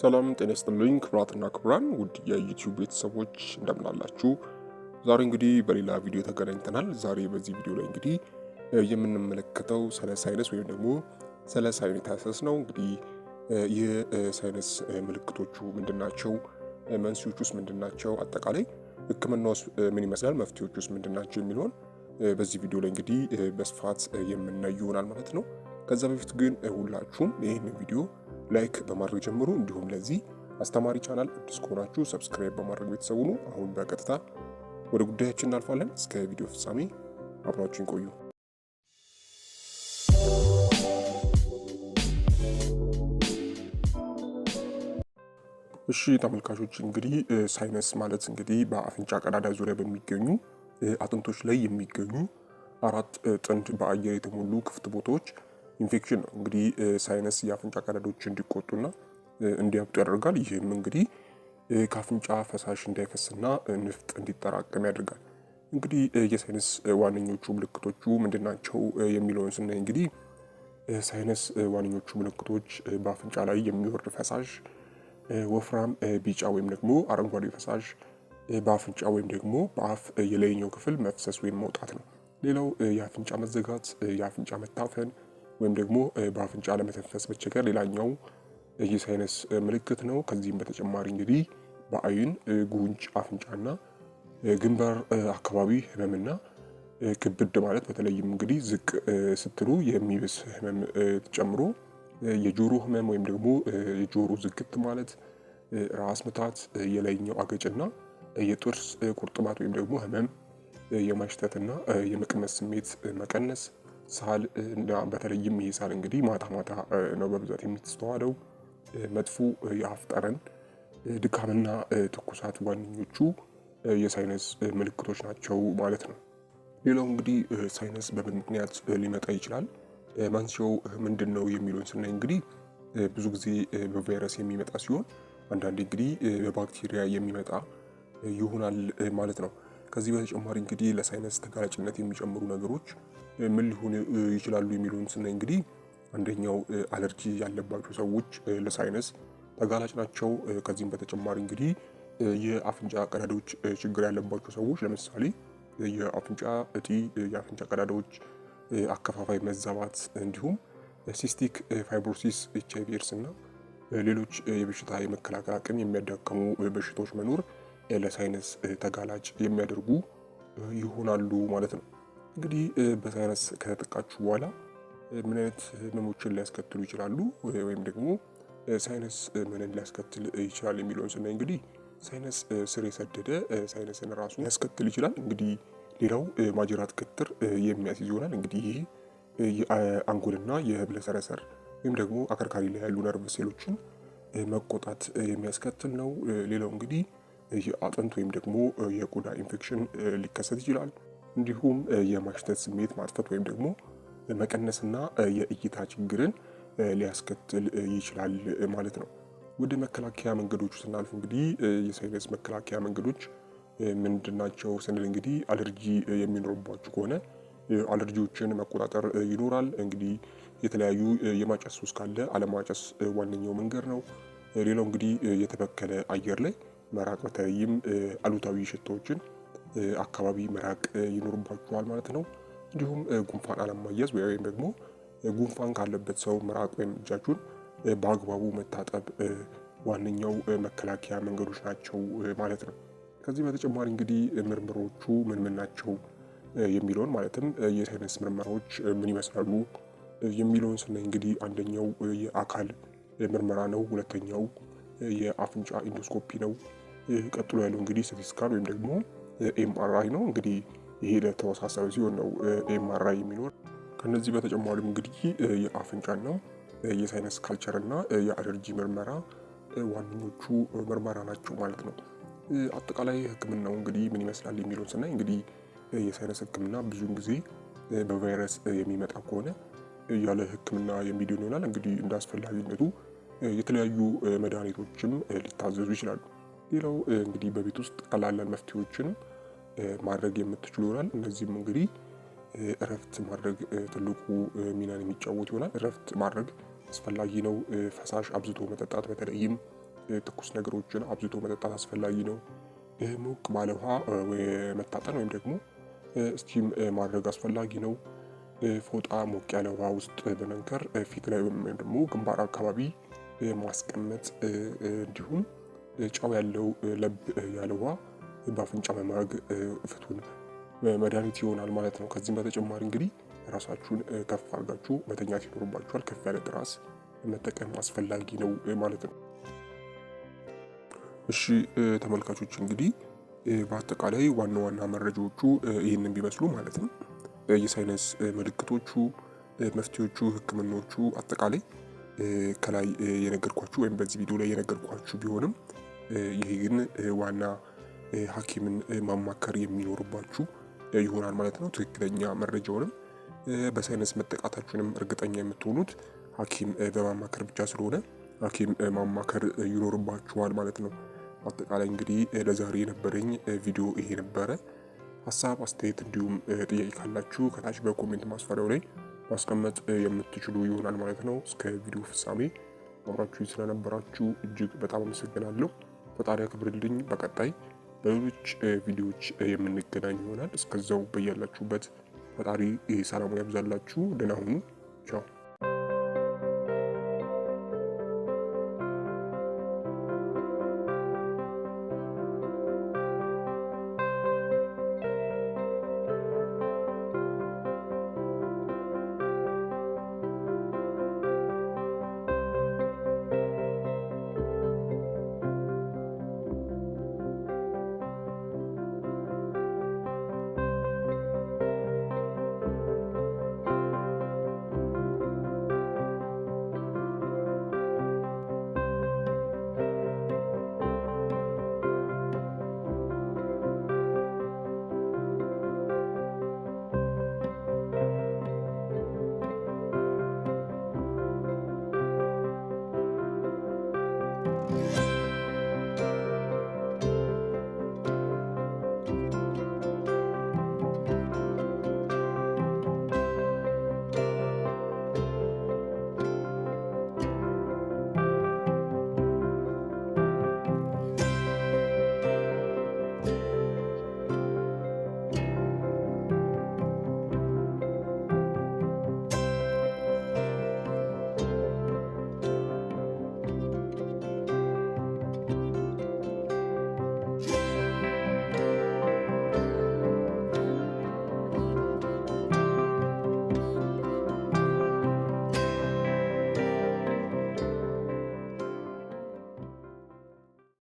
ሰላም ጤና ይስጥልኝ ክብራትና ክብራን ውድ የዩቲዩብ ቤተሰቦች እንደምናላችሁ። ዛሬ እንግዲህ በሌላ ቪዲዮ ተገናኝተናል። ዛሬ በዚህ ቪዲዮ ላይ እንግዲህ የምንመለከተው ስለ ሳይነስ ወይም ደግሞ ስለ ሳይነታይሰስ ነው። እንግዲህ ይህ ምልክቶቹ ምንድናቸው? መንስኤዎች ውስጥ ምንድናቸው? አጠቃላይ ሕክምና ውስጥ ምን ይመስላል? መፍትሄዎች ውስጥ ምንድናቸው? የሚለውን በዚህ ቪዲዮ ላይ እንግዲህ በስፋት የምናይ ይሆናል ማለት ነው። ከዛ በፊት ግን ሁላችሁም ይህን ቪዲዮ ላይክ በማድረግ ጀምሩ። እንዲሁም ለዚህ አስተማሪ ቻናል አዲስ ከሆናችሁ ሰብስክራይብ በማድረግ ቤተሰቡ ነው። አሁን በቀጥታ ወደ ጉዳያችን እናልፋለን። እስከ ቪዲዮ ፍጻሜ አብራችሁን ቆዩ። እሺ ተመልካቾች እንግዲህ ሳይነስ ማለት እንግዲህ በአፍንጫ ቀዳዳ ዙሪያ በሚገኙ አጥንቶች ላይ የሚገኙ አራት ጥንድ በአየር የተሞሉ ክፍት ቦታዎች ኢንፌክሽን ነው እንግዲህ ሳይነስ የአፍንጫ ቀዳዳዎች እንዲቆጡና እንዲያብጡ ያደርጋል። ይህም እንግዲህ ከአፍንጫ ፈሳሽ እንዳይፈስና ንፍጥ እንዲጠራቀም ያደርጋል። እንግዲህ የሳይነስ ዋነኞቹ ምልክቶቹ ምንድን ናቸው የሚለውን ስናይ እንግዲህ ሳይነስ ዋነኞቹ ምልክቶች በአፍንጫ ላይ የሚወርድ ፈሳሽ፣ ወፍራም ቢጫ ወይም ደግሞ አረንጓዴ ፈሳሽ በአፍንጫ ወይም ደግሞ በአፍ የላይኛው ክፍል መፍሰስ ወይም መውጣት ነው። ሌላው የአፍንጫ መዘጋት፣ የአፍንጫ መታፈን ወይም ደግሞ በአፍንጫ ለመተንፈስ መቸገር ሌላኛው የሳይነስ ምልክት ነው። ከዚህም በተጨማሪ እንግዲህ በአይን፣ ጉንጭ፣ አፍንጫና ግንባር አካባቢ ህመምና ክብድ ማለት በተለይም እንግዲህ ዝቅ ስትሉ የሚብስ ህመም ጨምሮ የጆሮ ህመም ወይም ደግሞ የጆሮ ዝግት ማለት፣ ራስ ምታት፣ የላይኛው አገጭና የጥርስ ቁርጥማት ወይም ደግሞ ህመም፣ የማሽተትና የመቅመስ ስሜት መቀነስ ሳል እና በተለይም ይህ ሳል እንግዲህ ማታ ማታ ነው በብዛት የምትስተዋለው። መጥፎ የአፍ ጠረን፣ ድካምና ትኩሳት ዋነኞቹ የሳይነስ ምልክቶች ናቸው ማለት ነው። ሌላው እንግዲህ ሳይነስ በምን ምክንያት ሊመጣ ይችላል፣ መንስኤው ምንድን ነው የሚለውን ስናይ እንግዲህ ብዙ ጊዜ በቫይረስ የሚመጣ ሲሆን አንዳንዴ እንግዲህ በባክቴሪያ የሚመጣ ይሆናል ማለት ነው። ከዚህ በተጨማሪ እንግዲህ ለሳይነስ ተጋላጭነት የሚጨምሩ ነገሮች ምን ሊሆኑ ይችላሉ የሚለውን ስናይ እንግዲህ አንደኛው አለርጂ ያለባቸው ሰዎች ለሳይነስ ተጋላጭ ናቸው። ከዚህም በተጨማሪ እንግዲህ የአፍንጫ ቀዳዳዎች ችግር ያለባቸው ሰዎች ለምሳሌ የአፍንጫ እጢ፣ የአፍንጫ ቀዳዳዎች አከፋፋይ መዛባት እንዲሁም ሲስቲክ ፋይብሮሲስ፣ ኤች ኤድስ እና ሌሎች የበሽታ የመከላከል አቅም የሚያዳክሙ በሽታዎች መኖር ለሳይነስ ተጋላጭ የሚያደርጉ ይሆናሉ ማለት ነው። እንግዲህ በሳይነስ ከተጠቃችሁ በኋላ ምን አይነት ህመሞችን ሊያስከትሉ ይችላሉ ወይም ደግሞ ሳይነስ ምንን ሊያስከትል ይችላል የሚለውን ስናይ እንግዲህ ሳይነስ ስር የሰደደ ሳይነስን ራሱ ሊያስከትል ይችላል። እንግዲህ ሌላው ማጅራት ገትር የሚያስይዝ ይሆናል። እንግዲህ ይህ የአንጎልና የህብለሰረሰር ወይም ደግሞ አከርካሪ ላይ ያሉ ነርቭ ሴሎችን መቆጣት የሚያስከትል ነው። ሌላው እንግዲህ የአጥንት ወይም ደግሞ የቆዳ ኢንፌክሽን ሊከሰት ይችላል። እንዲሁም የማሽተት ስሜት ማጥፈት ወይም ደግሞ መቀነስና የእይታ ችግርን ሊያስከትል ይችላል ማለት ነው። ወደ መከላከያ መንገዶቹ ስናልፍ እንግዲህ የሳይነስ መከላከያ መንገዶች ምንድን ናቸው ስንል እንግዲህ አለርጂ የሚኖርባችሁ ከሆነ አለርጂዎችን መቆጣጠር ይኖራል። እንግዲህ የተለያዩ የማጨስ ውስጥ ካለ አለማጨስ ዋነኛው መንገድ ነው። ሌላው እንግዲህ የተበከለ አየር ላይ መራቅ፣ በተለይም አሉታዊ ሽታዎችን አካባቢ መራቅ ይኖርባችኋል ማለት ነው። እንዲሁም ጉንፋን አለማያዝ ወይም ደግሞ ጉንፋን ካለበት ሰው መራቅ ወይም እጃችሁን በአግባቡ መታጠብ ዋነኛው መከላከያ መንገዶች ናቸው ማለት ነው። ከዚህ በተጨማሪ እንግዲህ ምርምሮቹ ምን ምን ናቸው የሚለውን ማለትም የሳይንስ ምርመራዎች ምን ይመስላሉ የሚለውን ስናይ እንግዲህ አንደኛው የአካል ምርመራ ነው። ሁለተኛው የአፍንጫ ኢንዶስኮፒ ነው። ቀጥሎ ያለው እንግዲህ ሲቲ ስካን ወይም ደግሞ ኤምአርአይ ነው። እንግዲህ ይሄ ለተወሳሳቢ ሲሆን ነው ኤምአርአይ የሚኖር። ከነዚህ በተጨማሪም እንግዲህ የአፍንጫና የሳይነስ ካልቸር እና የአለርጂ ምርመራ ዋነኞቹ ምርመራ ናቸው ማለት ነው። አጠቃላይ ሕክምናው እንግዲህ ምን ይመስላል የሚለውን ስናይ እንግዲህ የሳይነስ ሕክምና ብዙውን ጊዜ በቫይረስ የሚመጣ ከሆነ ያለ ሕክምና የሚድን ይሆናል። እንግዲህ እንደ አስፈላጊነቱ የተለያዩ መድኃኒቶችም ሊታዘዙ ይችላሉ። ሌላው እንግዲህ በቤት ውስጥ ቀላል መፍትሄዎችንም ማድረግ የምትችሉ ይሆናል። እነዚህም እንግዲህ እረፍት ማድረግ ትልቁ ሚናን የሚጫወት ይሆናል። እረፍት ማድረግ አስፈላጊ ነው። ፈሳሽ አብዝቶ መጠጣት፣ በተለይም ትኩስ ነገሮችን አብዝቶ መጠጣት አስፈላጊ ነው። ሞቅ ባለ ውሃ መታጠን ወይም ደግሞ ስቲም ማድረግ አስፈላጊ ነው። ፎጣ ሞቅ ያለ ውሃ ውስጥ በመንከር ፊት ላይ ወይም ደግሞ ግንባር አካባቢ ማስቀመጥ እንዲሁም ጨው ያለው ለብ ያለ ውሃ በአፍንጫ መማረግ ፍቱን መድኃኒት ይሆናል ማለት ነው። ከዚህም በተጨማሪ እንግዲህ ራሳችሁን ከፍ አድርጋችሁ መተኛት ይኖርባችኋል። ከፍ ያለ ትራስ መጠቀም አስፈላጊ ነው ማለት ነው። እሺ ተመልካቾች እንግዲህ በአጠቃላይ ዋና ዋና መረጃዎቹ ይህንን ቢመስሉ ማለት ነው። የሳይነስ ምልክቶቹ፣ መፍትሄዎቹ፣ ህክምናዎቹ አጠቃላይ ከላይ የነገርኳችሁ ወይም በዚህ ቪዲዮ ላይ የነገርኳችሁ ቢሆንም ይህ ግን ዋና ሐኪምን ማማከር የሚኖርባችሁ ይሆናል ማለት ነው። ትክክለኛ መረጃውንም በሳይነስ መጠቃታችሁንም እርግጠኛ የምትሆኑት ሐኪም በማማከር ብቻ ስለሆነ ሐኪም ማማከር ይኖርባችኋል ማለት ነው። አጠቃላይ እንግዲህ ለዛሬ የነበረኝ ቪዲዮ ይሄ ነበረ። ሀሳብ አስተያየት፣ እንዲሁም ጥያቄ ካላችሁ ከታች በኮሜንት ማስፈሪያው ላይ ማስቀመጥ የምትችሉ ይሆናል ማለት ነው። እስከ ቪዲዮ ፍጻሜ አብራችሁ ስለነበራችሁ እጅግ በጣም አመሰግናለሁ። ፈጣሪ ያክብርልኝ። በቀጣይ በሌሎች ቪዲዮዎች የምንገናኝ ይሆናል። እስከዛው በያላችሁበት ፈጣሪ ሰላሙን ያብዛላችሁ። ደህና ሁኑ። ቻው